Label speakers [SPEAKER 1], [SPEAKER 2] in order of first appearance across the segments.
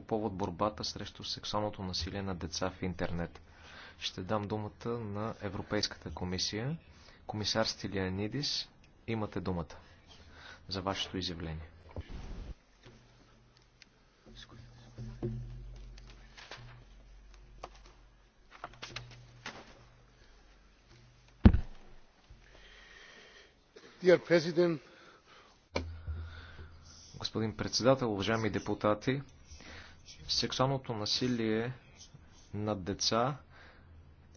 [SPEAKER 1] по повод борбата срещу сексуалното насилие на деца в интернет. Ще дам думата на Европейската комисия. Комисар Стилианидис, имате думата за вашето изявление. Господин председател, уважаеми депутати, сексуалното насилие на деца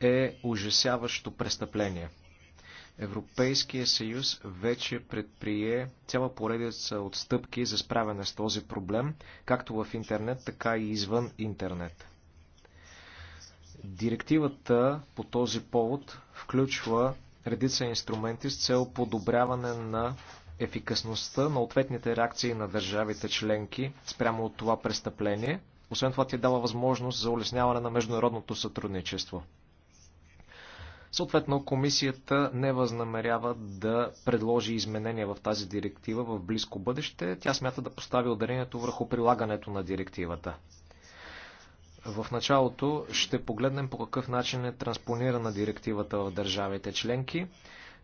[SPEAKER 1] е ужасяващо престъпление. Европейския съюз вече предприе цяла поредица от стъпки за справяне с този проблем, както в интернет, така и извън интернет. Директивата по този повод включва редица инструменти с цел подобряване на ефикасността на ответните реакции на държавите членки спрямо от това престъпление. Освен това ти дава възможност за улесняване на международното сътрудничество. Съответно, комисията не възнамерява да предложи изменения в тази директива в близко бъдеще. Тя смята да постави ударението върху прилагането на директивата. В началото ще погледнем по какъв начин е транспонирана директивата в държавите членки.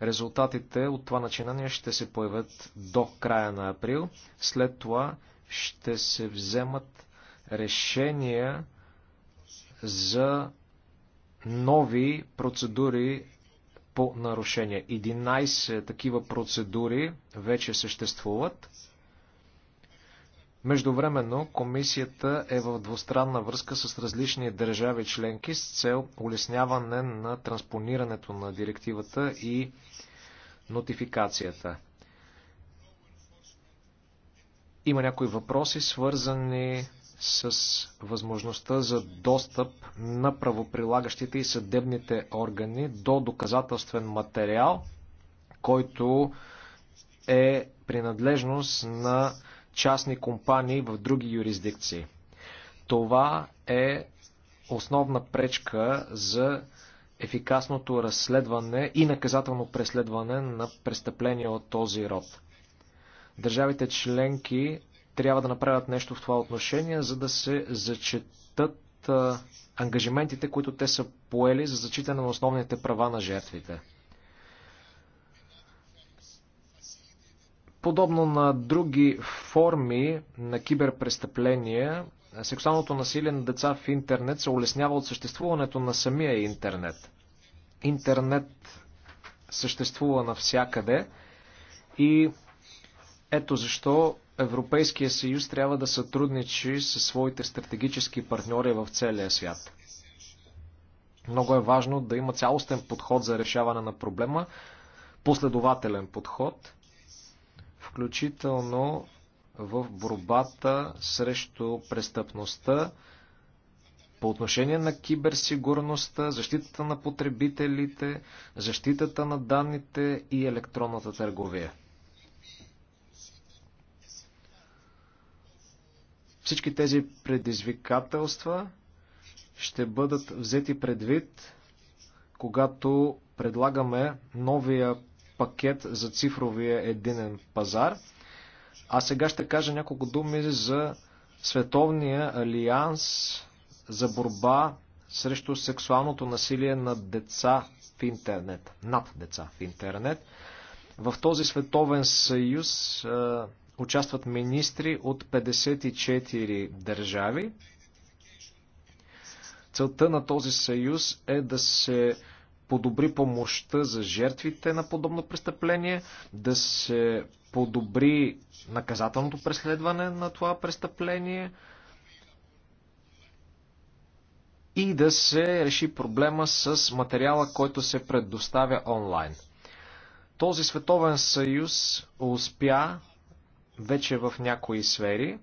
[SPEAKER 1] Резултатите от това начинание ще се появят до края на април. След това ще се вземат решения за нови процедури по нарушение. 11 такива процедури вече съществуват. Междувременно комисията е в двустранна връзка с различни държави членки с цел улесняване на транспонирането на директивата и нотификацията. Има някои въпроси, свързани с възможността за достъп на правоприлагащите и съдебните органи до доказателствен материал, който е принадлежност на частни компании в други юрисдикции. Това е основна пречка за ефикасното разследване и наказателно преследване на престъпления от този род. Държавите членки трябва да направят нещо в това отношение, за да се зачетат ангажиментите, които те са поели за зачитане на основните права на жертвите. Подобно на други форми на киберпрестъпления, сексуалното насилие на деца в интернет се улеснява от съществуването на самия интернет. Интернет съществува навсякъде и ето защо Европейския съюз трябва да сътрудничи със своите стратегически партньори в целия свят. Много е важно да има цялостен подход за решаване на проблема, последователен подход – включително в борбата срещу престъпността, по отношение на киберсигурността, защитата на потребителите, защитата на данните и електронната търговия. Всички тези предизвикателства ще бъдат взети предвид, когато предлагаме новия пакет за цифровия единен пазар. А сега ще кажа няколко думи за Световния алианс за борба срещу сексуалното насилие на деца в интернет, над деца в интернет. В този световен съюз е, участват министри от 54 държави. Целта на този съюз е да се подобри помощта за жертвите на подобно престъпление, да се подобри наказателното преследване на това престъпление и да се реши проблема с материала, който се предоставя онлайн. Този световен съюз успя вече в някои сфери.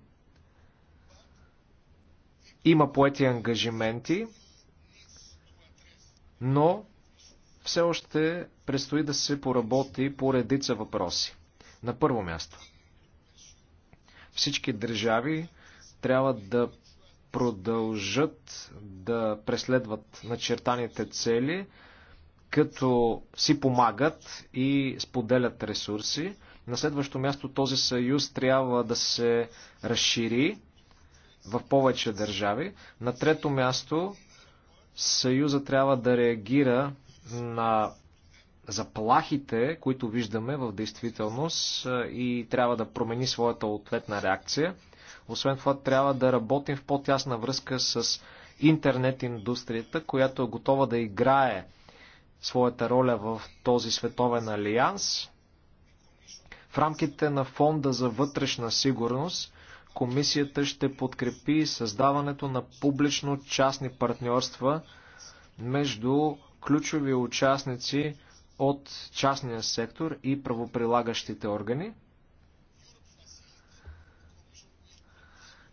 [SPEAKER 1] Има поети ангажименти, но все още предстои да се поработи по редица въпроси. На първо място, всички държави трябва да продължат да преследват начертаните цели, като си помагат и споделят ресурси. На следващо място този съюз трябва да се разшири в повече държави. На трето място съюза трябва да реагира на заплахите, които виждаме в действителност е, и трябва да промени своята ответна реакция. Освен това, трябва да работим в по-тясна връзка с интернет индустрията, която е готова да играе своята роля в този световен алианс. В рамките на Фонда за вътрешна сигурност, комисията ще подкрепи създаването на публично-частни партньорства между ключови участници от частния сектор и правоприлагащите органи.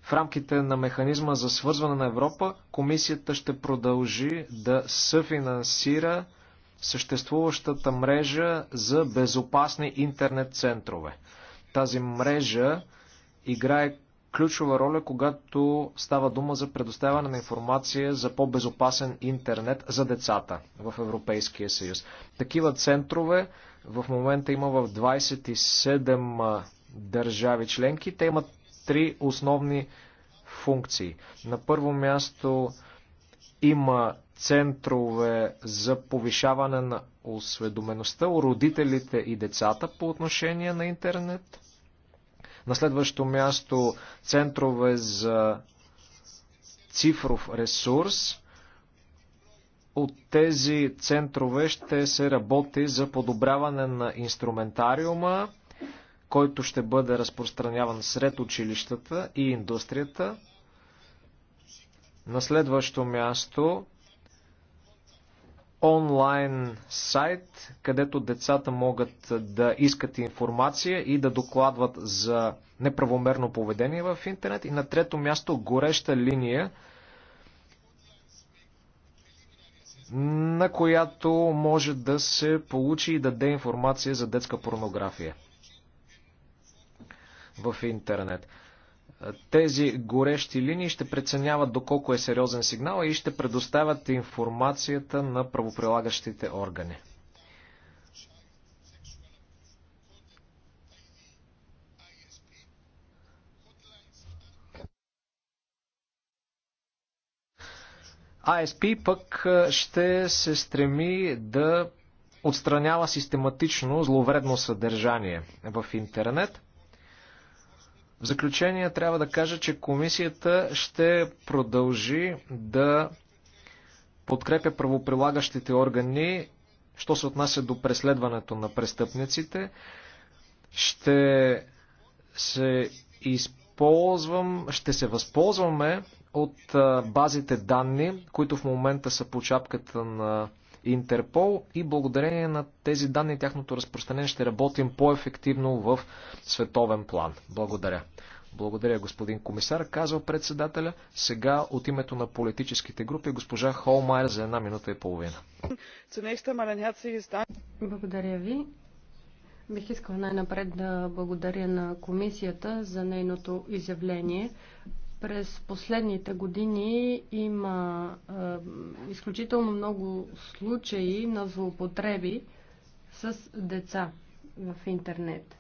[SPEAKER 1] В рамките на механизма за свързване на Европа, комисията ще продължи да съфинансира съществуващата мрежа за безопасни интернет центрове. Тази мрежа играе ключова роля, когато става дума за предоставяне на информация за по-безопасен интернет за децата в Европейския съюз. Такива центрове в момента има в 27 държави членки. Те имат три основни функции. На първо място има центрове за повишаване на осведомеността у родителите и децата по отношение на интернет. На следващо място центрове за цифров ресурс. От тези центрове ще се работи за подобряване на инструментариума, който ще бъде разпространяван сред училищата и индустрията. На следващо място онлайн сайт, където децата могат да искат информация и да докладват за неправомерно поведение в интернет. И на трето място гореща линия, на която може да се получи и даде информация за детска порнография в интернет. Тези горещи линии ще преценяват доколко е сериозен сигнал и ще предоставят информацията на правоприлагащите органи. ISP пък ще се стреми да отстранява систематично зловредно съдържание в интернет. В заключение трябва да кажа, че комисията ще продължи да подкрепя правоприлагащите органи, що се отнася до преследването на престъпниците. Ще се използвам, ще се възползваме от базите данни, които в момента са по чапката на Интерпол и благодарение на тези данни и тяхното разпространение ще работим по-ефективно в световен план. Благодаря. Благодаря, господин комисар, казва председателя. Сега от името на политическите групи госпожа Холмайер за една минута и половина.
[SPEAKER 2] Благодаря ви. Бих искал най-напред да благодаря на комисията за нейното изявление. През последните години има е, изключително много случаи на злоупотреби с деца в интернет.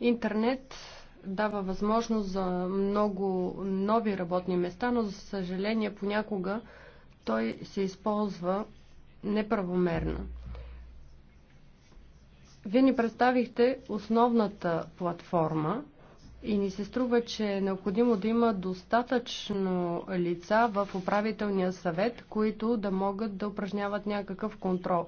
[SPEAKER 2] Интернет дава възможност за много нови работни места, но за съжаление понякога той се използва неправомерно. Вие ни представихте основната платформа и ни се струва, че е необходимо да има достатъчно лица в управителния съвет, които да могат да упражняват някакъв контрол.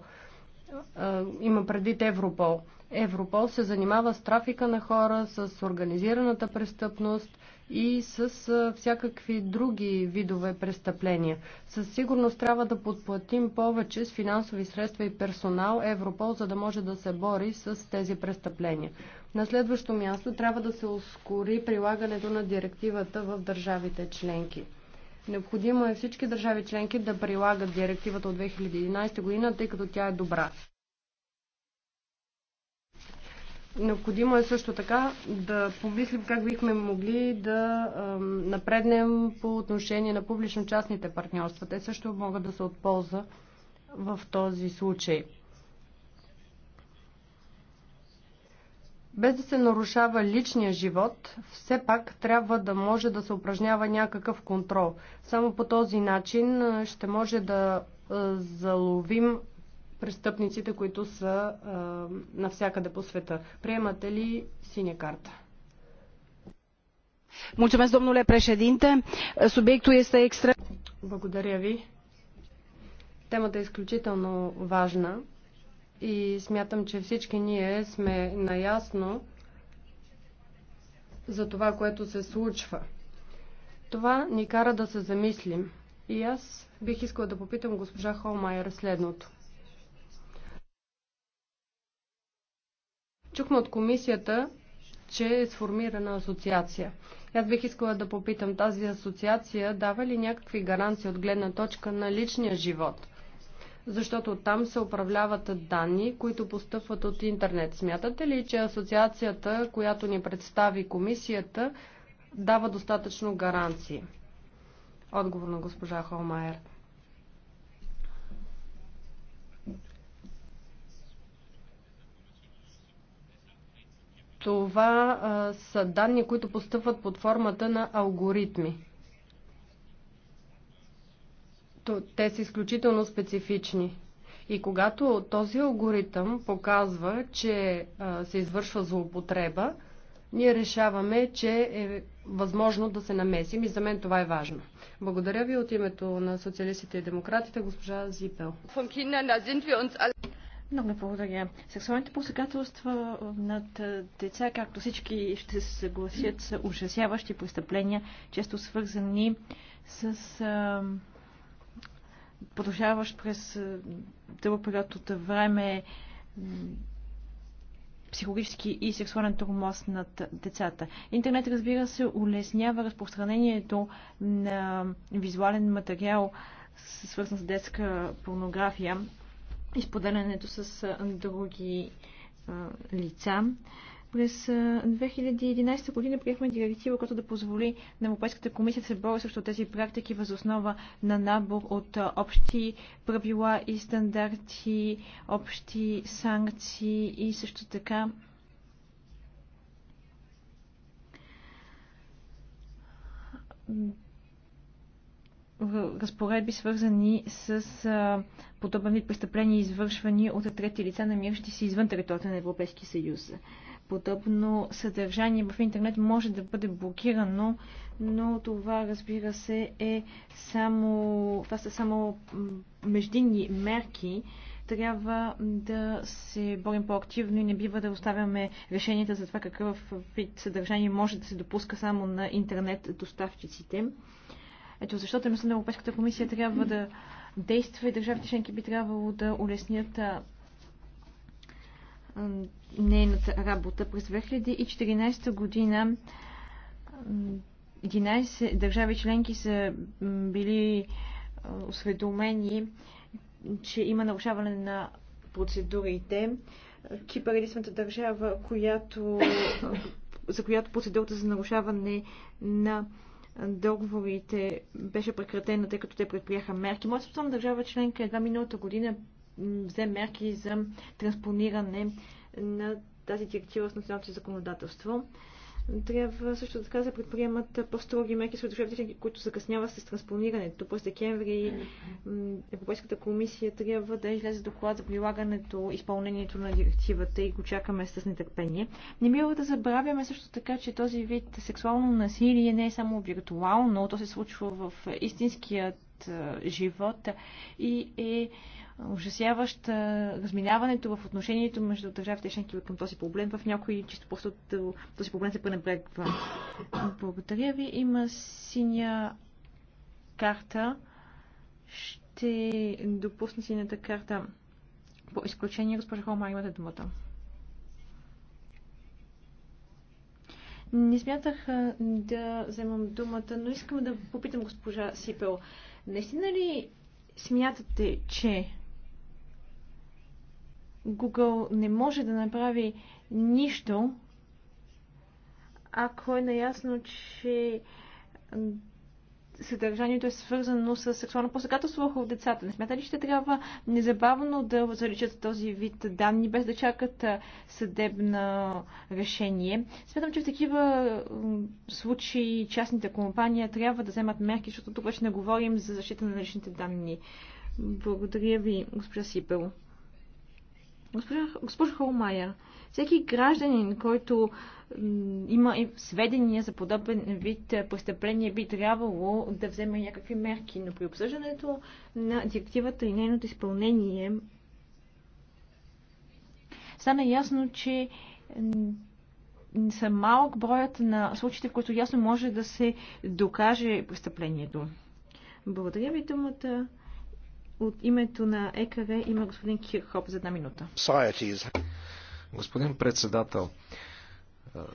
[SPEAKER 2] Има предвид Европол. Европол се занимава с трафика на хора, с организираната престъпност – и с всякакви други видове престъпления. Със сигурност трябва да подплатим повече с финансови средства и персонал Европол, за да може да се бори с тези престъпления. На следващо място трябва да се ускори прилагането на директивата в държавите членки. Необходимо е всички държави членки да прилагат директивата от 2011 година, тъй като тя е добра. Необходимо е също така да помислим как бихме могли да напреднем по отношение на публично-частните партньорства. Те също могат да се от полза в този случай. Без да се нарушава личния живот, все пак трябва да може да се упражнява някакъв контрол. Само по този начин ще може да заловим престъпниците, които са а, навсякъде по света. Приемате ли синя карта? Mulțumesc, domnule președinte. Subiectul este екстра... Благодаря ви. Темата е изключително важна и смятам, че всички ние сме наясно за това, което се случва. Това ни кара да се замислим. И аз бих искала да попитам госпожа Холмайер следното. Чухме от комисията, че е сформирана асоциация. Аз бих искала да попитам, тази асоциация дава ли някакви гаранции от гледна точка на личния живот? Защото там се управляват данни, които постъпват от интернет. Смятате ли, че асоциацията, която ни представи комисията, дава достатъчно гаранции? Отговор на госпожа Холмайер. Това а, са данни, които постъпват под формата на алгоритми. Те са изключително специфични. И когато този алгоритъм показва, че а, се извършва злоупотреба, ние решаваме, че е възможно да се намесим и за мен това е важно. Благодаря ви от името на социалистите и демократите, госпожа Зипел.
[SPEAKER 3] Много ви благодаря. Сексуалните посегателства над деца, както всички ще се съгласят, са ужасяващи престъпления, често свързани с а, продължаващ през дълъг период от време психологически и сексуален тормоз над децата. Интернет, разбира се, улеснява разпространението на визуален материал, свързан с детска порнография изподелянето с други лица. През 2011 година приехме директива, която да позволи на Европейската комисия да се бори срещу тези практики въз основа на набор от общи правила и стандарти, общи санкции и също така разпоредби, свързани с подобен вид престъпления, извършвани от трети лица, намиращи се извън територията на Европейския съюз. Подобно съдържание в интернет може да бъде блокирано, но това, разбира се, е само, това са само междинни мерки, трябва да се борим по-активно и не бива да оставяме решенията за това какъв вид съдържание може да се допуска само на интернет доставчиците. Ето защо дейността на Европейската комисия трябва да действа и държавите членки би трябвало да улеснят нейната работа. През 2014 година 11 държави членки са били осведомени, че има нарушаване на процедурите. Кипър е единствената държава, която, за която процедурата за нарушаване на договорите беше прекратена, тъй като те предприяха мерки. Моята собствена държава членка едва миналата година взе мерки за транспониране на тази директива с националното законодателство. Трябва също така да се предприемат по-строги мерки сред държавите, които закъсняват с транспонирането. През декември Европейската комисия трябва да излезе доклад за прилагането, изпълнението на директивата и го чакаме с нетърпение. Не бива да забравяме също така, че този вид сексуално насилие не е само виртуално, то се случва в истинският живот и е ужасяващ разминаването в отношението между държавите членки към този проблем. В някои чисто просто този проблем се пренебрегва. Благодаря ви. Има синя карта. Ще допусна синята карта. По изключение, госпожа Холма, имате думата. Не смятах да вземам думата, но искам да попитам госпожа Сипел. Наистина ли смятате, че Google не може да направи нищо, ако е наясно, че съдържанието е свързано с сексуално посегателство върху децата. Не смята ли, ще трябва незабавно да заличат този вид данни, без да чакат съдебно решение? Смятам, че в такива случаи частните компании трябва да вземат мерки, защото тук вече не говорим за защита на личните данни. Благодаря ви, госпожа Сипел. Госпожа, Холмайер, всеки гражданин, който има сведения за подобен вид е, престъпление, би трябвало да вземе някакви мерки. Но при обсъждането на директивата и нейното изпълнение стана ясно, че са малък броят на случаите, в които ясно може да се докаже престъплението. Благодаря ви думата от името на ЕКВ има господин Кирхоп за една минута.
[SPEAKER 1] Господин председател,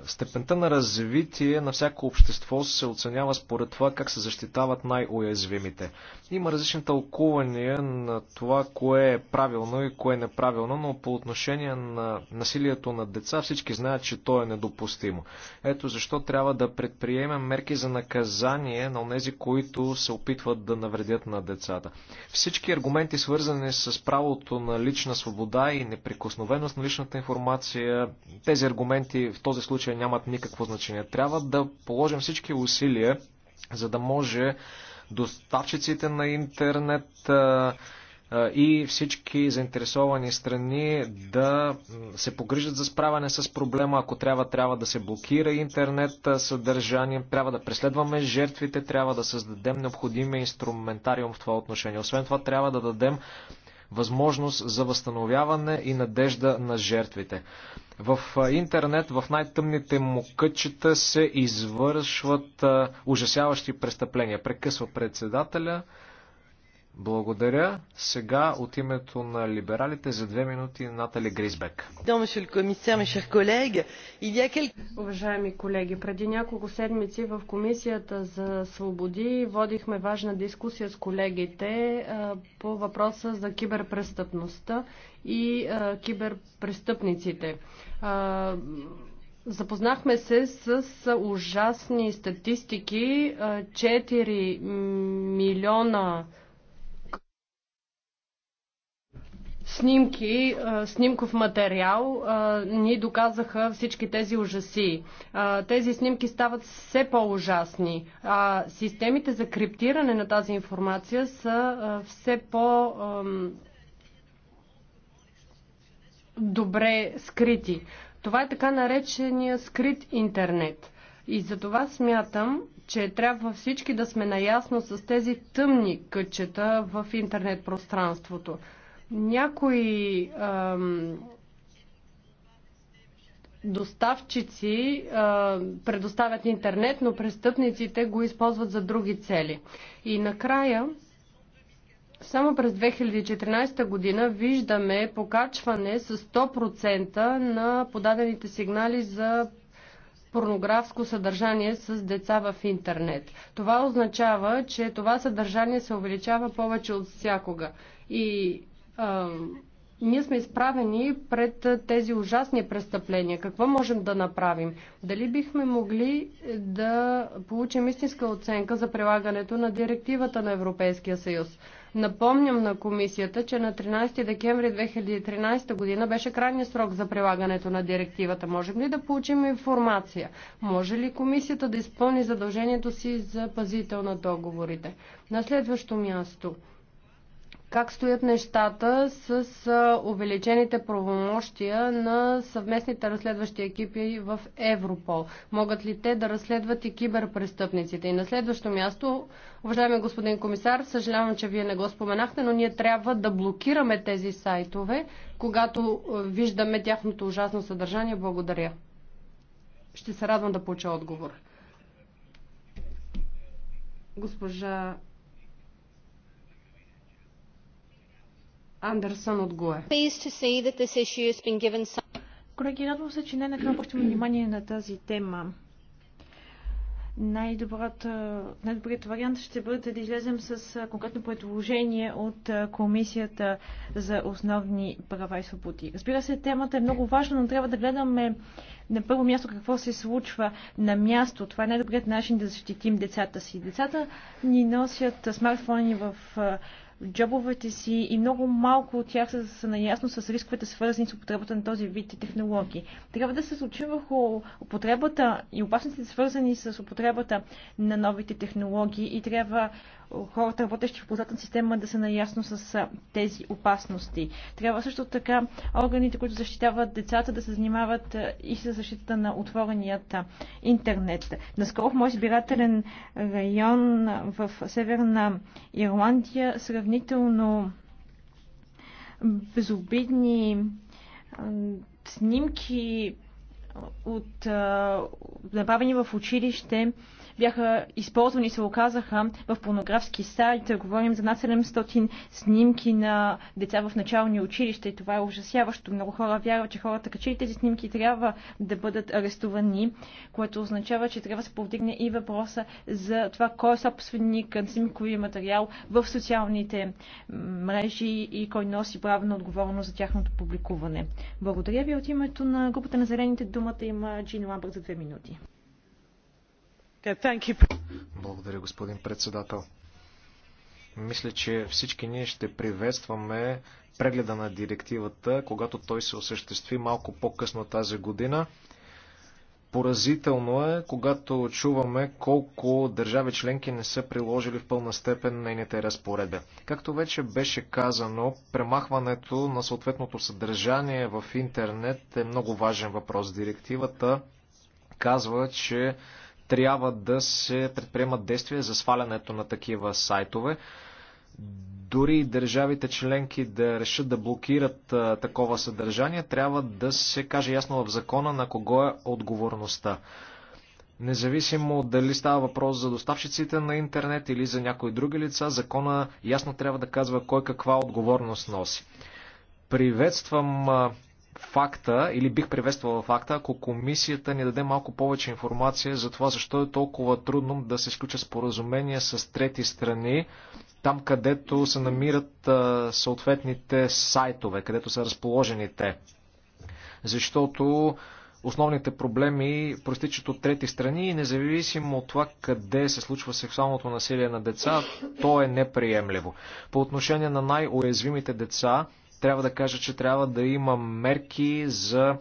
[SPEAKER 1] Степента на развитие на всяко общество се оценява според това как се защитават най-уязвимите. Има различни тълкувания на това, кое е правилно и кое е неправилно, но по отношение на насилието на деца всички знаят, че то е недопустимо. Ето защо трябва да предприемем мерки за наказание на тези, които се опитват да навредят на децата. Всички аргументи, свързани с правото на лична свобода и неприкосновеност на личната информация, тези аргументи в този случая нямат никакво значение. Трябва да положим всички усилия, за да може доставчиците на интернет и всички заинтересовани страни да се погрижат за справяне с проблема. Ако трябва, трябва да се блокира интернет съдържание, трябва да преследваме жертвите, трябва да създадем необходимия инструментариум в това отношение. Освен това, трябва да дадем възможност за възстановяване и надежда на жертвите. В интернет, в най-тъмните му кътчета се извършват ужасяващи престъпления. Прекъсва председателя. Благодаря. Сега от името на либералите за две минути Натали Гризбек.
[SPEAKER 2] Уважаеми колеги, преди няколко седмици в Комисията за свободи водихме важна дискусия с колегите по въпроса за киберпрестъпността и киберпрестъпниците. Запознахме се с ужасни статистики. 4 милиона снимки, снимков материал ни доказаха всички тези ужаси. Тези снимки стават все по-ужасни. А системите за криптиране на тази информация са все по- добре скрити. Това е така наречения скрит интернет. И за това смятам, че трябва всички да сме наясно с тези тъмни кътчета в интернет пространството. Някои ам, доставчици а, предоставят интернет, но престъпниците го използват за други цели. И накрая, само през 2014 година виждаме покачване с 100% на подадените сигнали за порнографско съдържание с деца в интернет. Това означава, че това съдържание се увеличава повече от всякога. И ние сме изправени пред тези ужасни престъпления. Какво можем да направим? Дали бихме могли да получим истинска оценка за прилагането на директивата на Европейския съюз? Напомням на комисията, че на 13 декември 2013 година беше крайния срок за прилагането на директивата. Можем ли да получим информация? Може ли комисията да изпълни задължението си за пазител на договорите? На следващо място – как стоят нещата с увеличените правомощия на съвместните разследващи екипи в Европол? Могат ли те да разследват и киберпрестъпниците? И на следващо място, уважаеми господин комисар, съжалявам, че вие не го споменахте, но ние трябва да блокираме тези сайтове, когато виждаме тяхното ужасно съдържание. Благодаря. Ще се радвам да получа отговор. Госпожа Андерсон от ГУЕ.
[SPEAKER 3] Колеги, радвам се, че не накрая обръщаме внимание на тази тема. Най-добрият най вариант ще бъде да излезем с конкретно предложение от Комисията за основни права и свободи. Разбира се, темата е много важна, но трябва да гледаме на първо място какво се случва на място. Това е най-добрият начин да защитим децата си. Децата ни носят смартфони в джобовете си и много малко от тях са, са наясно с рисковете, свързани с употребата на този вид технологии. Трябва да се случи върху употребата и опасностите, свързани с употребата на новите технологии и трябва хората, работещи в ползвателна система, да са наясно с тези опасности. Трябва също така органите, които защитават децата, да се занимават и с защитата на отвореният интернет. Наскоро в мой избирателен район в Северна Ирландия сравнително безобидни снимки от а, направени в училище бяха използвани, се оказаха в порнографски сайт. Говорим за над 700 снимки на деца в начални училища и това е ужасяващо. Много хора вярват, че хората качили тези снимки трябва да бъдат арестувани, което означава, че трябва да се повдигне и въпроса за това кой е собственик на снимкови материал в социалните мрежи и кой носи правилно отговорност за тяхното публикуване. Благодаря ви от името на групата на зелените дума Думата има Джин Ламбър за две минути.
[SPEAKER 1] Благодаря, господин председател. Мисля, че всички ние ще приветстваме прегледа на директивата, когато той се осъществи малко по-късно тази година. Поразително е, когато чуваме колко държави членки не са приложили в пълна степен нейните разпоредби. Както вече беше казано, премахването на съответното съдържание в интернет е много важен въпрос. Директивата казва, че трябва да се предприемат действия за свалянето на такива сайтове дори и държавите членки да решат да блокират а, такова съдържание, трябва да се каже ясно в закона на кого е отговорността. Независимо дали става въпрос за доставчиците на интернет или за някои други лица, закона ясно трябва да казва кой каква отговорност носи. Приветствам а, факта, или бих приветствал факта, ако комисията ни даде малко повече информация за това, защо е толкова трудно да се сключат споразумения с трети страни там където се намират съответните сайтове, където са разположени те. Защото основните проблеми проистичат от трети страни и независимо от това къде се случва сексуалното насилие на деца, то е неприемливо. По отношение на най-уязвимите деца, трябва да кажа, че трябва да има мерки за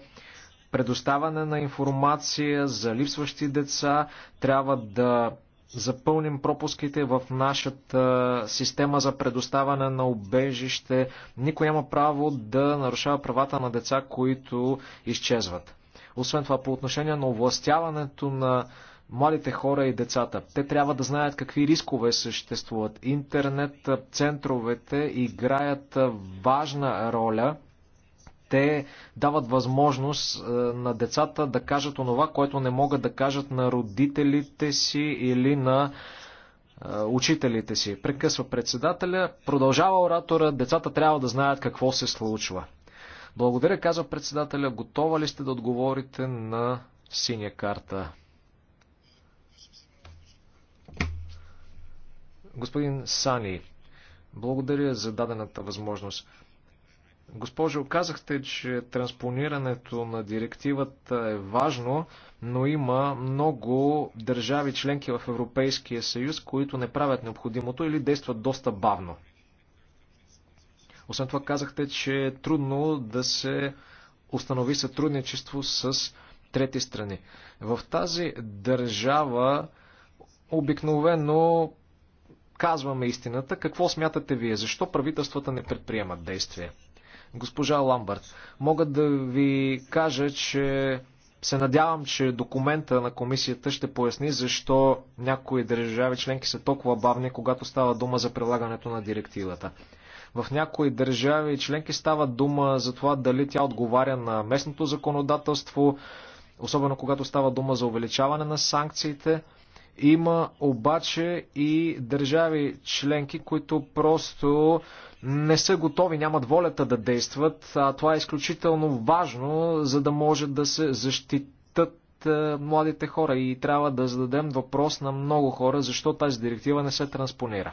[SPEAKER 1] предоставане на информация за липсващи деца, трябва да запълним пропуските в нашата система за предоставане на убежище. Никой няма право да нарушава правата на деца, които изчезват. Освен това, по отношение на овластяването на младите хора и децата. Те трябва да знаят какви рискове съществуват. Интернет центровете играят важна роля – те дават възможност е, на децата да кажат онова, което не могат да кажат на родителите си или на е, учителите си. Прекъсва председателя, продължава оратора, децата трябва да знаят какво се случва. Благодаря, казва председателя, готова ли сте да отговорите на синя карта? Господин Сани, благодаря за дадената възможност. Госпожо, казахте, че транспонирането на директивата е важно, но има много държави членки в Европейския съюз, които не правят необходимото или действат доста бавно. Освен това казахте, че е трудно да се установи сътрудничество с трети страни. В тази държава обикновено казваме истината. Какво смятате вие? Защо правителствата не предприемат действия? Госпожа Ламбърт, мога да ви кажа, че се надявам, че документа на комисията ще поясни защо някои държави членки са толкова бавни, когато става дума за прилагането на директивата. В някои държави членки става дума за това дали тя отговаря на местното законодателство, особено когато става дума за увеличаване на санкциите. Има обаче и държави членки, които просто не са готови, нямат волята да действат. А това е изключително важно, за да може да се защитат е, младите хора и трябва да зададем въпрос на много хора, защо тази директива не се транспонира.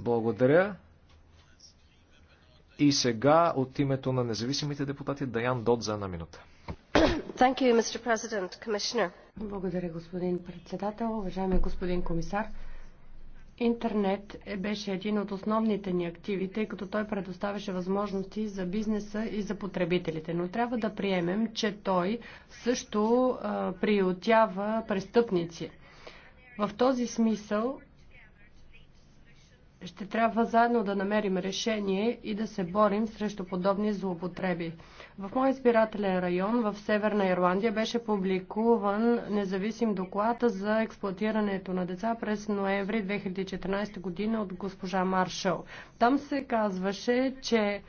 [SPEAKER 1] Благодаря. И сега от името на независимите депутати Даян Дот за една минута.
[SPEAKER 2] Thank you, Mr. President, Commissioner. Благодаря, господин председател. Уважаеми господин комисар, интернет е, беше един от основните ни активи, тъй като той предоставяше възможности за бизнеса и за потребителите. Но трябва да приемем, че той също приютява престъпници. В този смисъл ще трябва заедно да намерим решение и да се борим срещу подобни злоупотреби. В моя избирателен район в Северна Ирландия беше публикуван независим доклад за експлуатирането на деца през ноември 2014 година от госпожа Маршал. Там се казваше, че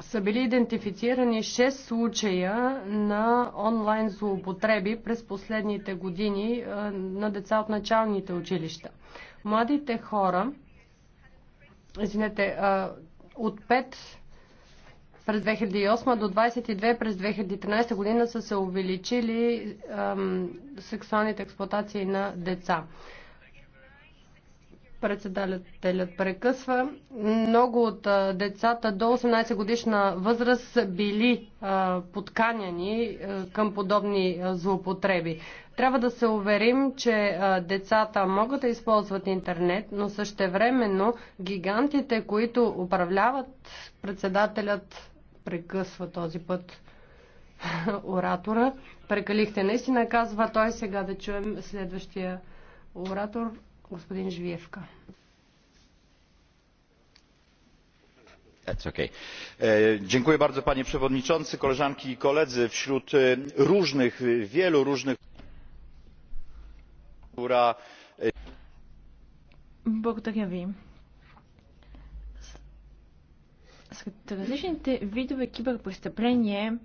[SPEAKER 2] са били идентифицирани 6 случая на онлайн злоупотреби през последните години на деца от началните училища. Младите хора извинете, от 5 през 2008 до 22 през 2013 година са се увеличили сексуалните експлуатации на деца. Председателят прекъсва. Много от децата до 18 годишна възраст са били подканяни към подобни злоупотреби. Трябва да се уверим, че децата могат да използват интернет, но същевременно гигантите, които управляват, председателят прекъсва този път оратора. Прекалихте наистина, казва той. Сега да чуем следващия оратор Господин Живиевка. Okay. E, dziękuję bardzo panie przewodniczący! koleżanki i koledzy! wśród e, różnych wielu różnych która. E,
[SPEAKER 3] Благодаря ви. Сред различните видове киберпрестъпление,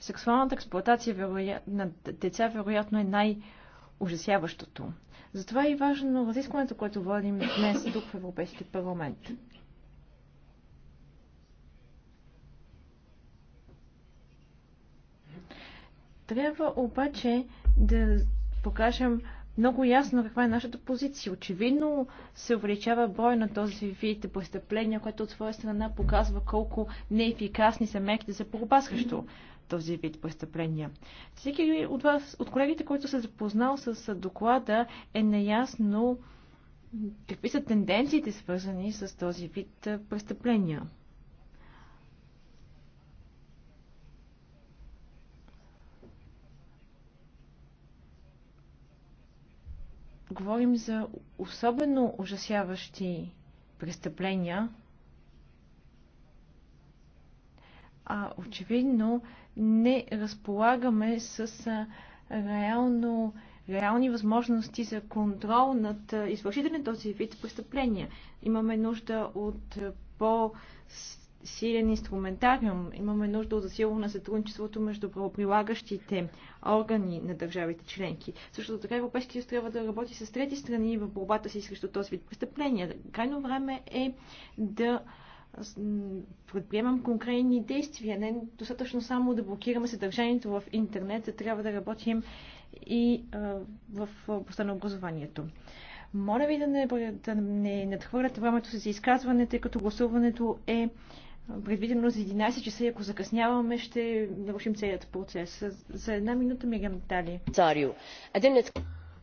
[SPEAKER 3] сексуалната експлоатация на деца вероятно е най- ужасяващото. Затова е и важно разискването, което водим днес тук в Европейския парламент. Трябва обаче да покажем много ясно каква е нашата позиция. Очевидно се увеличава брой на този вид престъпления, което от своя страна показва колко неефикасни са мерките за борба срещу този вид престъпления. Всеки от вас, от колегите, който се е запознал с доклада, е неясно какви са тенденциите свързани с този вид престъпления. Говорим за особено ужасяващи престъпления, а очевидно не разполагаме с реално реални възможности за контрол над извършителен този вид престъпления. Имаме нужда от по-силен инструментариум, имаме нужда от засилване на сътрудничеството между правоприлагащите органи на държавите членки. Също така Европейския съюз трябва да работи с трети страни в борбата си срещу този вид престъпления. Крайно време е да аз предприемам конкретни действия. Не достатъчно само да блокираме съдържанието в интернет, трябва да работим и а, в областта на образованието. Моля ви да не, да не надхвърляте времето си за изказване, тъй като гласуването е предвидено за 11 часа и ако закъсняваме, ще нарушим целият процес. За една минута ми дали.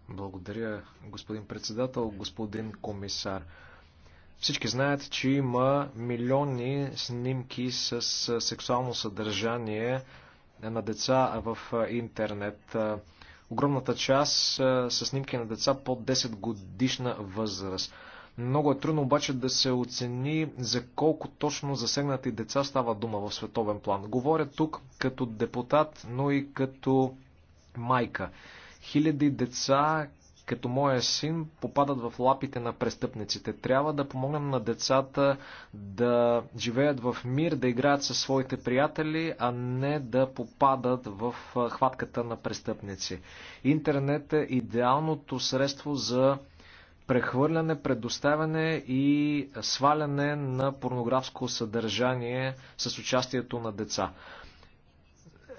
[SPEAKER 1] Благодаря, господин председател, господин комисар. Всички знаят, че има милиони снимки с сексуално съдържание на деца в интернет. Огромната част са снимки на деца под 10 годишна възраст. Много е трудно обаче да се оцени за колко точно засегнати деца става дума в световен план. Говоря тук като депутат, но и като майка. Хиляди деца като моя син, попадат в лапите на престъпниците. Трябва да помогнем на децата да живеят в мир, да играят със своите приятели, а не да попадат в хватката на престъпници. Интернет е идеалното средство за прехвърляне, предоставяне и сваляне на порнографско съдържание с участието на деца.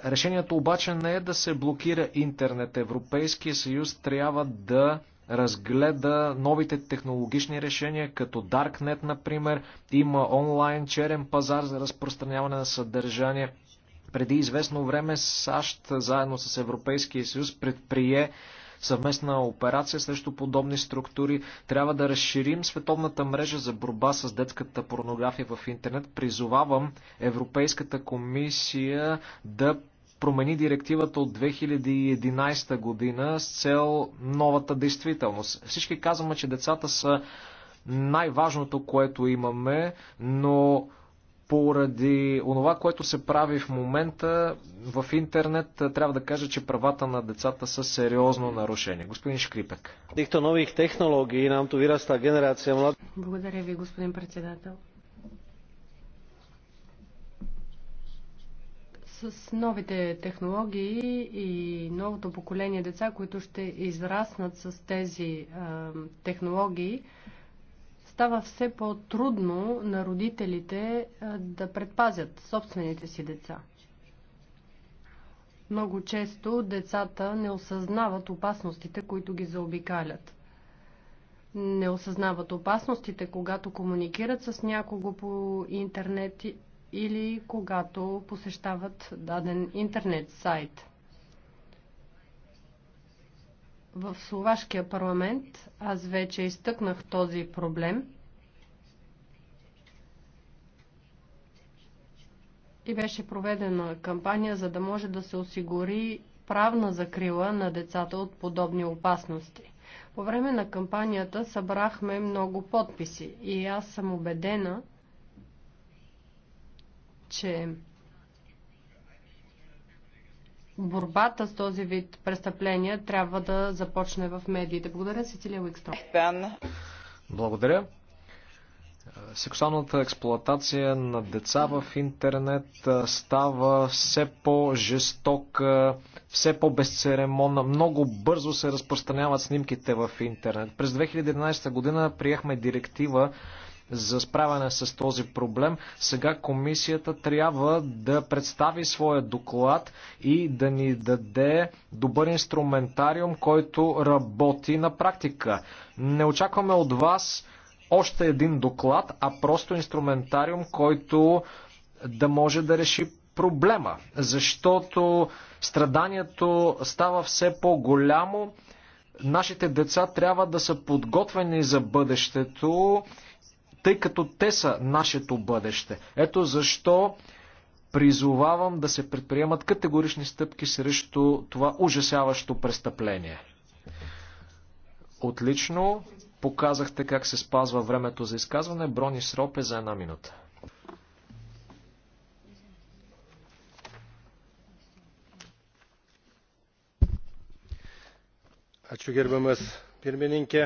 [SPEAKER 1] Решението обаче не е да се блокира интернет. Европейския съюз трябва да разгледа новите технологични решения, като Darknet, например. Има онлайн черен пазар за разпространяване на съдържание. Преди известно време САЩ заедно с Европейския съюз предприе съвместна операция срещу подобни структури. Трябва да разширим световната мрежа за борба с детската порнография в интернет. Призовавам Европейската комисия да промени директивата от 2011 година с цел новата действителност. Всички казваме, че децата са най-важното, което имаме, но поради онова, което се прави в момента в интернет, трябва да кажа, че правата на децата са сериозно нарушени. Господин Шкрипек. Дихто нових технологии нам то вираста генерация млад.
[SPEAKER 2] Благодаря ви, господин председател. с новите технологии и новото поколение деца, които ще израснат с тези а, технологии, става все по-трудно на родителите а, да предпазят собствените си деца. Много често децата не осъзнават опасностите, които ги заобикалят не осъзнават опасностите, когато комуникират с някого по интернет или когато посещават даден интернет сайт. В Словашкия парламент аз вече изтъкнах този проблем и беше проведена кампания, за да може да се осигури правна закрила на децата от подобни опасности. По време на кампанията събрахме много подписи и аз съм убедена, че борбата с този вид престъпления трябва да започне в медиите. Благодаря, Сетилия Уикстром.
[SPEAKER 1] Благодаря. Сексуалната експлоатация на деца в интернет става все по-жестока, все по-безцеремонна. Много бързо се разпространяват снимките в интернет. През 2011 година приехме директива за справяне с този проблем. Сега комисията трябва да представи своя доклад и да ни даде добър инструментариум, който работи на практика. Не очакваме от вас още един доклад, а просто инструментариум, който да може да реши проблема, защото страданието става все по-голямо. Нашите деца трябва да са подготвени за бъдещето тъй като те са нашето бъдеще. Ето защо призовавам да се предприемат категорични стъпки срещу това ужасяващо престъпление. Отлично. Показахте как се спазва времето за изказване. Брони сроп е за една минута.
[SPEAKER 3] Ačiū gerbiamas pirmininkė.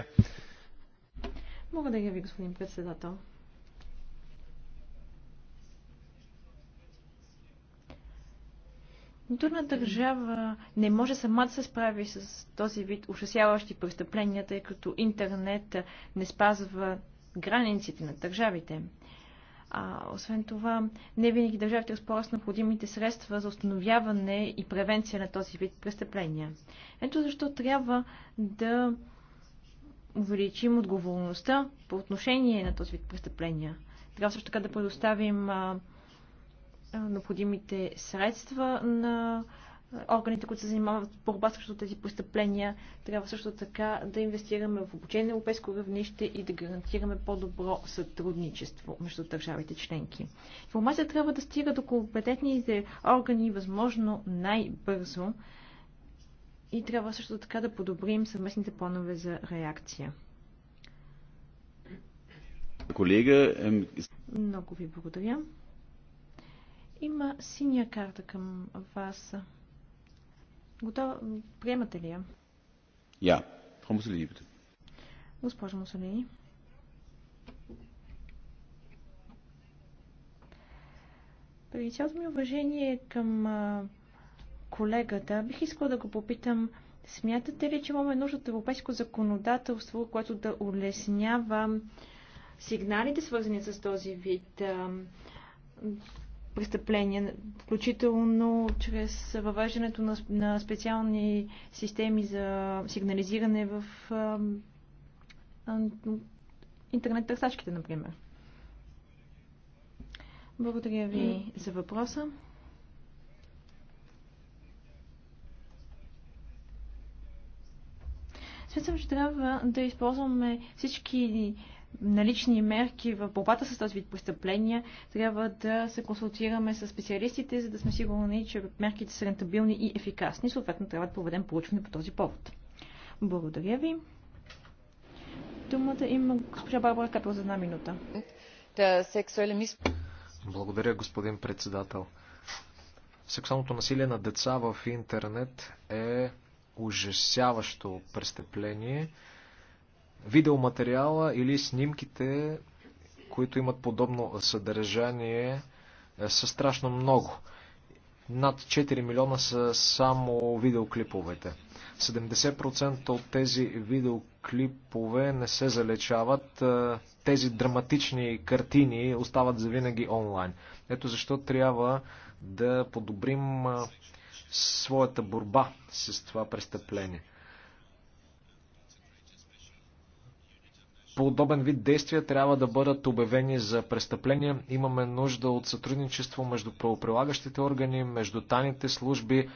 [SPEAKER 3] Благодаря ви, господин председател. Нито държава не може сама да се справи с този вид ужасяващи престъпления, тъй като интернет не спазва границите на държавите. А, освен това, не винаги държавите разполагат с необходимите средства за установяване и превенция на този вид престъпления. Ето защо трябва да увеличим отговорността по отношение на този вид престъпления. Трябва също така да предоставим а, а, необходимите средства на органите, които се занимават с борба срещу тези престъпления. Трябва също така да инвестираме в обучение на европейско равнище и да гарантираме по-добро сътрудничество между държавите членки. Информация трябва да стига до компетентните органи възможно най-бързо, и трябва също така да подобрим съвместните планове за реакция.
[SPEAKER 2] Колега, ем...
[SPEAKER 3] Много ви благодаря. Има синя карта към вас. Готова? Приемате ли я?
[SPEAKER 2] Я. Фрау Мусолини, бите.
[SPEAKER 3] Госпожа Мусолини. При цялото ми уважение към колегата. Бих искала да го попитам, смятате ли, че имаме нужда от европейско законодателство, което да улеснява сигналите, свързани с този вид престъпления, включително чрез въвеждането на, на специални системи за сигнализиране в а, а, интернет търсачките, например. Благодаря ви за въпроса. Смятам, че трябва да използваме всички налични мерки в борбата с този вид престъпления. Трябва да се консултираме с специалистите, за да сме сигурни, че мерките са рентабилни и ефикасни. Съответно, трябва да проведем проучване по този повод. Благодаря ви. Думата има госпожа Барбара Капел за една минута.
[SPEAKER 1] Благодаря, господин председател. Сексуалното насилие на деца в интернет е ужасяващо престъпление. Видеоматериала или снимките, които имат подобно съдържание, е, са страшно много. Над 4 милиона са само видеоклиповете. 70% от тези видеоклипове не се залечават. Е, тези драматични картини остават завинаги онлайн. Ето защо трябва да подобрим е, своята борба с това престъпление. Подобен вид действия трябва да бъдат обявени за престъпления. Имаме нужда от сътрудничество между правоприлагащите органи, между тайните служби. Е,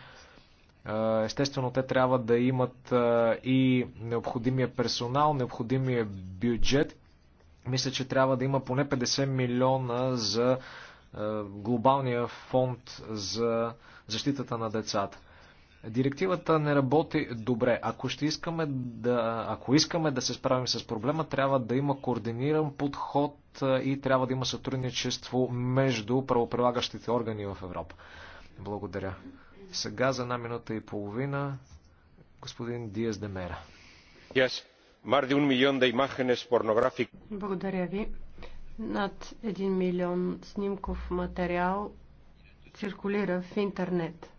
[SPEAKER 1] естествено, те трябва да имат е, и необходимия персонал, необходимия бюджет. Мисля, че трябва да има поне 50 милиона за е, глобалния фонд за защитата на децата. Директивата не работи добре. Ако, ще искаме да, ако искаме да се справим с проблема, трябва да има координиран подход и трябва да има сътрудничество между правоприлагащите органи в Европа. Благодаря. Сега за една минута и половина господин Диас Демера. Yes. Más de un millón
[SPEAKER 2] Благодаря ви. Над 1 милион снимков материал циркулира в интернет.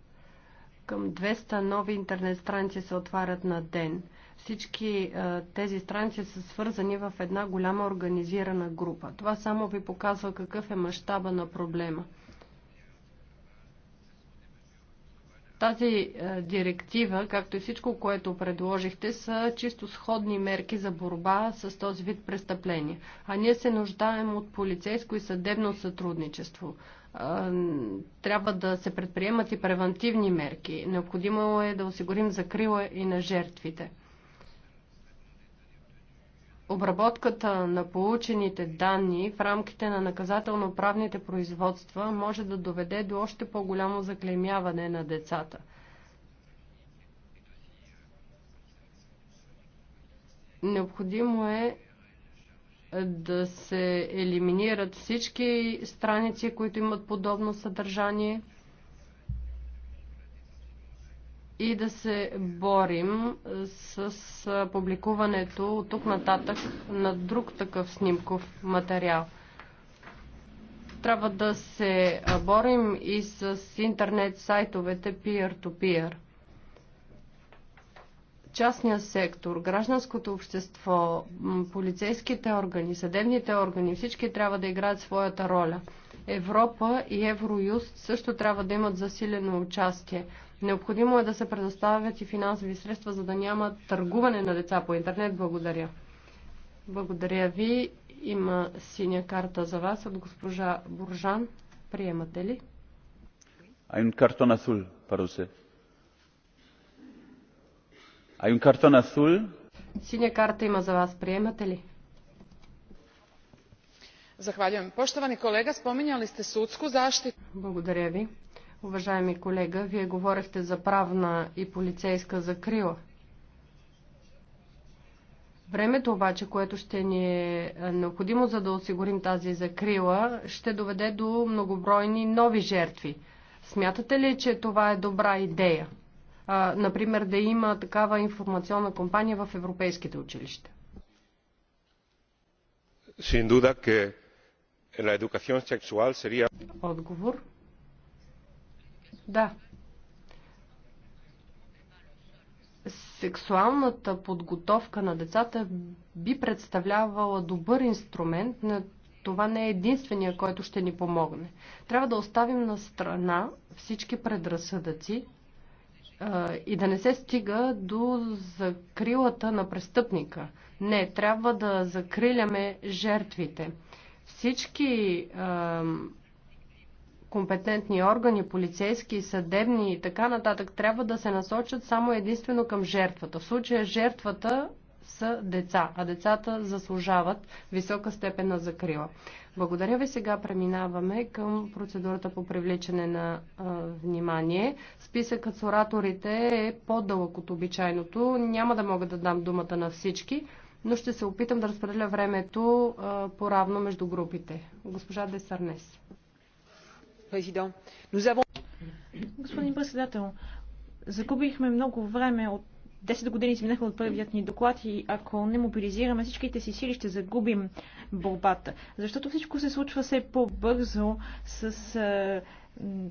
[SPEAKER 2] Към 200 нови интернет страници се отварят на ден. Всички а, е, тези страници са свързани в една голяма организирана група. Това само ви показва какъв е мащаба на проблема. Тази а, е, директива, както и всичко, което предложихте, са чисто сходни мерки за борба с този вид престъпления. А ние се нуждаем от полицейско и съдебно сътрудничество трябва да се предприемат и превентивни мерки. Необходимо е да осигурим закрила и на жертвите. Обработката на получените данни в рамките на наказателно-правните производства може да доведе до още по-голямо заклемяване на децата. Необходимо е да се елиминират всички страници, които имат подобно съдържание и да се борим с публикуването от тук нататък на друг такъв снимков материал. Трябва да се борим и с интернет сайтовете peer-to-peer. -peer частния сектор, гражданското общество, полицейските органи, съдебните органи, всички трябва да играят своята роля. Европа и Евроюст също трябва да имат засилено участие. Необходимо е да се предоставят и финансови средства, за да няма търгуване на деца по интернет. Благодаря. Благодаря ви. Има синя карта за вас от госпожа Буржан. Приемате ли? Ein картон azul, para usted.
[SPEAKER 1] Hay un cartón azul.
[SPEAKER 2] Синя карта има за вас. Приемате ли? Zahvaljujem. Poštovani kolega, spominjali ste sudsku zaštitu. Благодаря ви. Уважаеми колега, вие говорихте за правна и полицейска закрила. Времето обаче, което ще ни е, е необходимо за да осигурим тази закрила, ще доведе до многобройни нови жертви. Смятате ли, че това е добра идея? а, например, да има такава информационна компания в европейските училища? Sin duda que la educación sexual sería... Отговор. Да. Сексуалната подготовка на децата би представлявала добър инструмент, но това не е единствения, който ще ни помогне. Трябва да оставим на страна всички предразсъдъци, и да не се стига до закрилата на престъпника. Не, трябва да закриляме жертвите. Всички компетентни органи, полицейски, съдебни и така нататък трябва да се насочат само единствено към жертвата. В случая жертвата са деца, а децата заслужават висока степен на закрила. Благодаря ви. Сега преминаваме към процедурата по привличане на а, внимание. Списъкът с ораторите е по-дълъг от обичайното. Няма да мога да дам думата на всички, но ще се опитам да разпределя времето а, по-равно между групите. Госпожа Десарнес.
[SPEAKER 3] Господин председател, загубихме много време от 10 години изминаха от първият ни доклад и ако не мобилизираме всичките си сили, ще загубим борбата. Защото всичко се случва все по-бързо с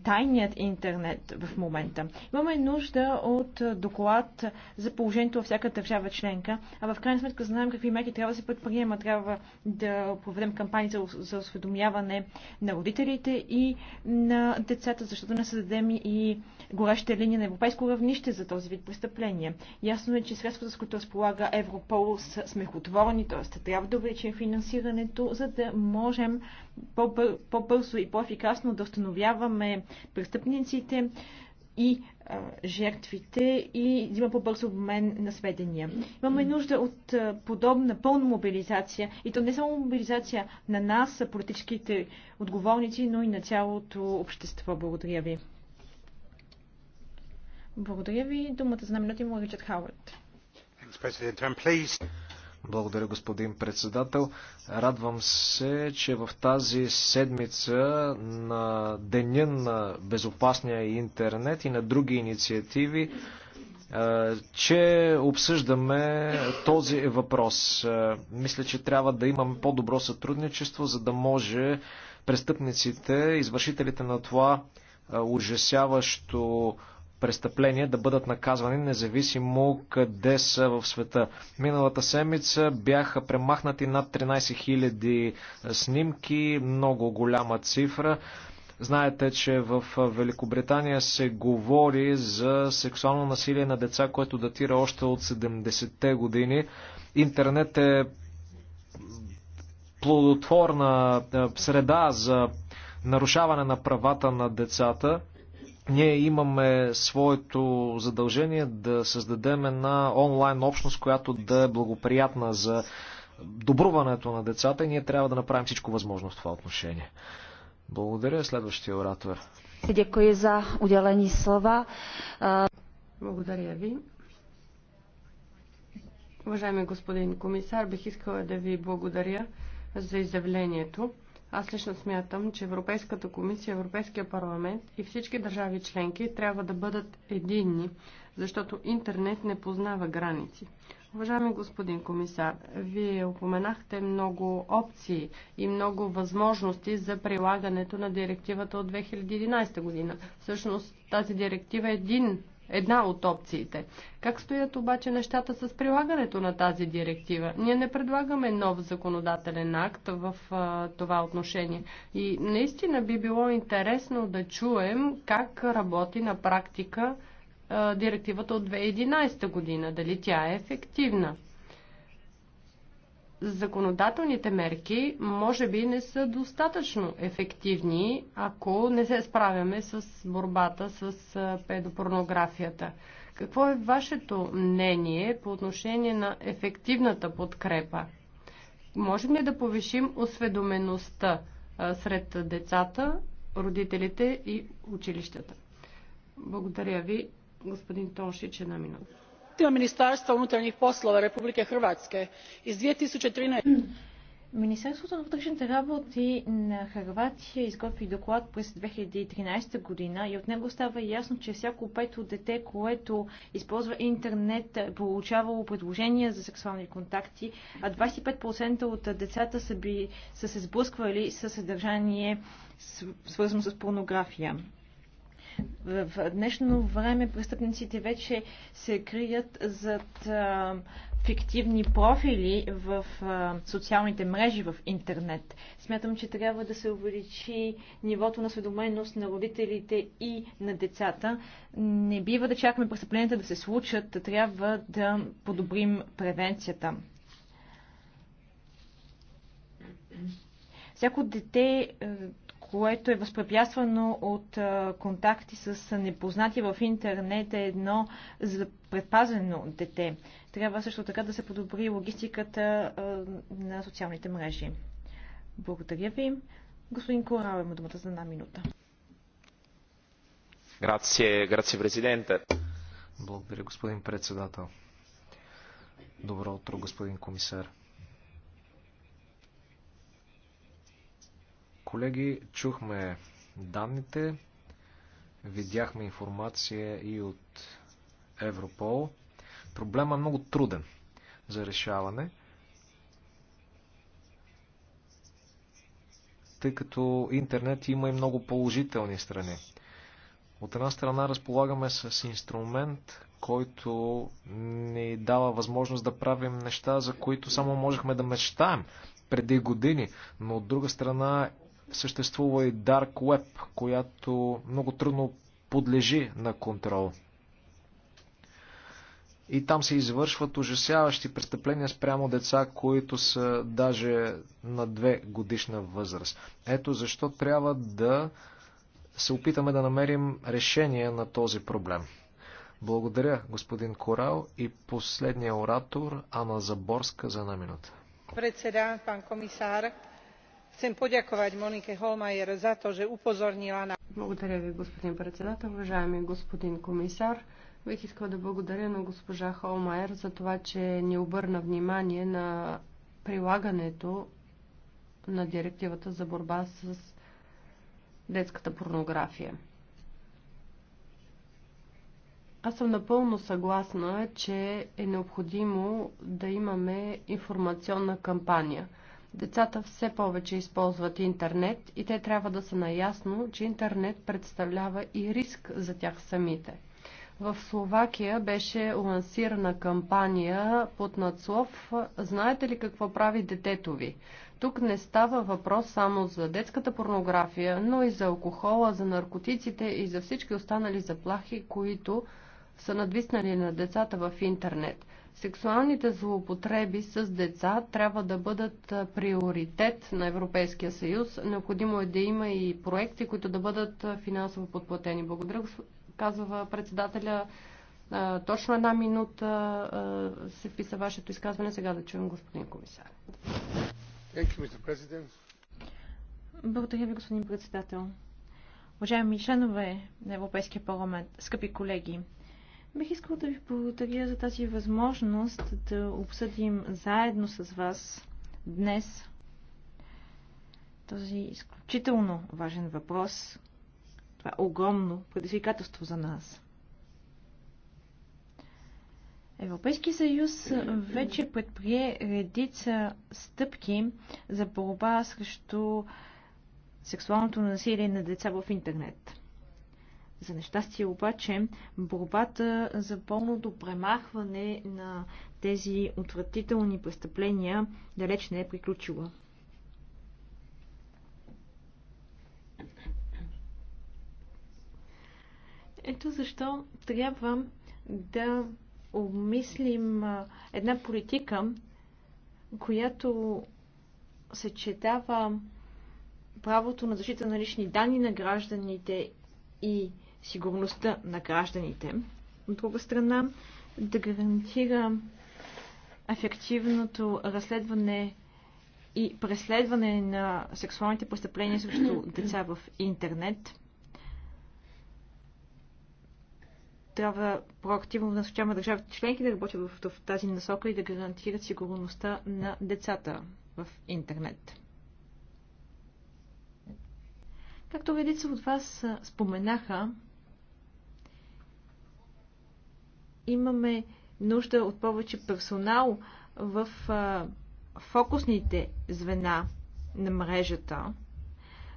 [SPEAKER 3] тайният интернет в момента. Имаме нужда от доклад за положението във всяка държава членка, а в крайна сметка знаем какви мерки трябва да се предприема. Трябва да проведем кампании за, за осведомяване на родителите и на децата, защото не създадем и горещите линии на европейско равнище за този вид престъпления. Ясно е, че средствата, с които разполага Европол, са смехотворни, т.е. трябва да увеличим финансирането, за да можем по-бързо и по-ефикасно да установяваме обединяваме престъпниците и а, жертвите и да има по-бърз обмен на сведения. Имаме нужда от а, подобна пълна мобилизация и то не само мобилизация на нас, политическите отговорници, но и на цялото общество. Благодаря ви. Благодаря ви. Думата за наминути му Ричард Хауърд.
[SPEAKER 1] Благодаря, господин председател. Радвам се, че в тази седмица на Деня на безопасния интернет и на други инициативи, е, че обсъждаме този въпрос. Е, мисля, че трябва да имаме по-добро сътрудничество, за да може престъпниците, извършителите на това е, ужасяващо престъпления да бъдат наказвани, независимо къде са в света. Миналата седмица бяха премахнати над 13 000 снимки, много голяма цифра. Знаете, че в Великобритания се говори за сексуално насилие на деца, което датира още от 70-те години. Интернет е плодотворна среда за нарушаване на правата на децата ние имаме своето задължение да създадем една онлайн общност, която да е благоприятна за добруването на децата и ние трябва да направим всичко възможно в това отношение. Благодаря. Следващия оратор.
[SPEAKER 2] Дякую за уделени слова. Благодаря ви. Уважаеми господин комисар, бих искала да ви благодаря за изявлението. Аз лично смятам, че Европейската комисия, Европейския парламент и всички държави членки трябва да бъдат единни, защото интернет не познава граници. Уважаеми господин комисар, вие упоменахте много опции и много възможности за прилагането на директивата от 2011 година. Всъщност тази директива е един една от опциите. Как стоят обаче нещата с прилагането на тази директива? Ние не предлагаме нов законодателен акт в а, това отношение. И наистина би било интересно да чуем как работи на практика а, директивата от 2011 година, дали тя е ефективна законодателните мерки може би не са достатъчно ефективни, ако не се справяме с борбата с педопорнографията. Какво е вашето мнение по отношение на ефективната подкрепа? Можем ли да повишим осведомеността сред децата, родителите и училищата? Благодаря ви, господин че на минута zahtjeva ministarstva unutarnjih poslova republike hrvatske iz. two thousand
[SPEAKER 3] and thirteen Министерството на вътрешните работи на Харватия изготви доклад през 2013 година и от него става ясно, че всяко пето дете, което използва интернет, е получавало предложения за сексуални контакти, а 25% от децата са, би, са се сблъсквали с съдържание свързано с порнография. В днешно време престъпниците вече се крият зад а, фиктивни профили в а, социалните мрежи в интернет. Смятам, че трябва да се увеличи нивото на сведоменост на родителите и на децата. Не бива да чакаме престъпленията да се случат, трябва да подобрим превенцията. Всяко дете което е възпрепятствано от контакти с непознати в интернет е едно за предпазено дете. Трябва също така да се подобри логистиката на социалните мрежи. Благодаря ви. Господин Корал, има думата за една минута.
[SPEAKER 1] Грация, грация президента. Благодаря, господин председател. Добро утро, господин комисар. Колеги, чухме данните, видяхме информация и от Европол. Проблема е много труден за решаване, тъй като интернет има и много положителни страни. От една страна разполагаме с инструмент, който ни дава възможност да правим неща, за които само можехме да мечтаем преди години, но от друга страна Съществува и Dark Web, която много трудно подлежи на контрол. И там се извършват ужасяващи престъпления спрямо деца, които са даже на две годишна възраст. Ето защо трябва да се опитаме да намерим решение на този проблем. Благодаря, господин Корал и последния оратор Ана Заборска за една минута.
[SPEAKER 2] Председа, пан комисар, chcem poďakovať monike hohlmeier za to že upozornila на Благодаря ви, господин председател. Уважаеми господин комисар, бих искала да благодаря на госпожа Холмайер за това, че ни обърна внимание на прилагането на директивата за борба с детската порнография. Аз съм напълно съгласна, че е необходимо да имаме информационна кампания – Децата все повече използват интернет и те трябва да са наясно, че интернет представлява и риск за тях самите. В Словакия беше лансирана кампания под надслов «Знаете ли какво прави детето ви?». Тук не става въпрос само за детската порнография, но и за алкохола, за наркотиците и за всички останали заплахи, които са надвиснали на децата в интернет. Сексуалните злоупотреби с деца трябва да бъдат приоритет на Европейския съюз. Необходимо е да има и проекти, които да бъдат финансово подплатени. Благодаря, казва председателя. Точно една минута се писа вашето изказване. Сега да чуем господин комисар.
[SPEAKER 3] Благодаря ви, господин председател. Уважаеми членове на Европейския парламент, скъпи колеги, Бих искал да ви благодаря за тази възможност да обсъдим заедно с вас днес този изключително важен въпрос. Това е огромно предизвикателство за нас. Европейския съюз вече предприе редица стъпки за борба срещу сексуалното насилие на деца в интернет. За нещастие обаче, борбата за пълното премахване на тези отвратителни престъпления далеч не е приключила. Ето защо трябва да обмислим една политика, която съчетава правото на защита на лични данни на гражданите и сигурността на гражданите, от друга страна да гарантира ефективното разследване и преследване на сексуалните престъпления срещу деца в интернет. Трябва проактивно да насочаваме държавите членки да работят в, тази насока и да гарантират сигурността на децата в интернет. Както редица от вас споменаха, имаме нужда от повече персонал в фокусните звена на мрежата.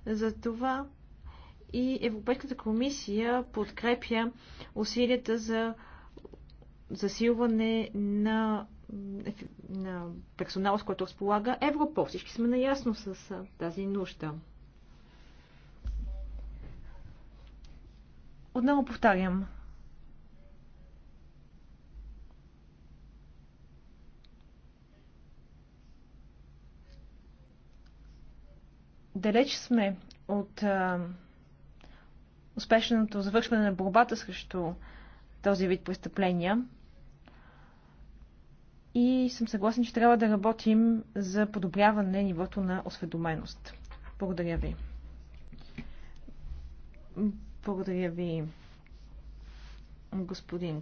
[SPEAKER 3] Затова и Европейската комисия подкрепя усилията за засилване на, на персонал, с който разполага Европол. Всички сме наясно с тази нужда. Отново повтарям, Далеч сме от а, успешното завършване на борбата срещу този вид престъпления. И съм съгласен, че трябва да работим за подобряване нивото на осведоменост. Благодаря ви. Благодаря ви, господин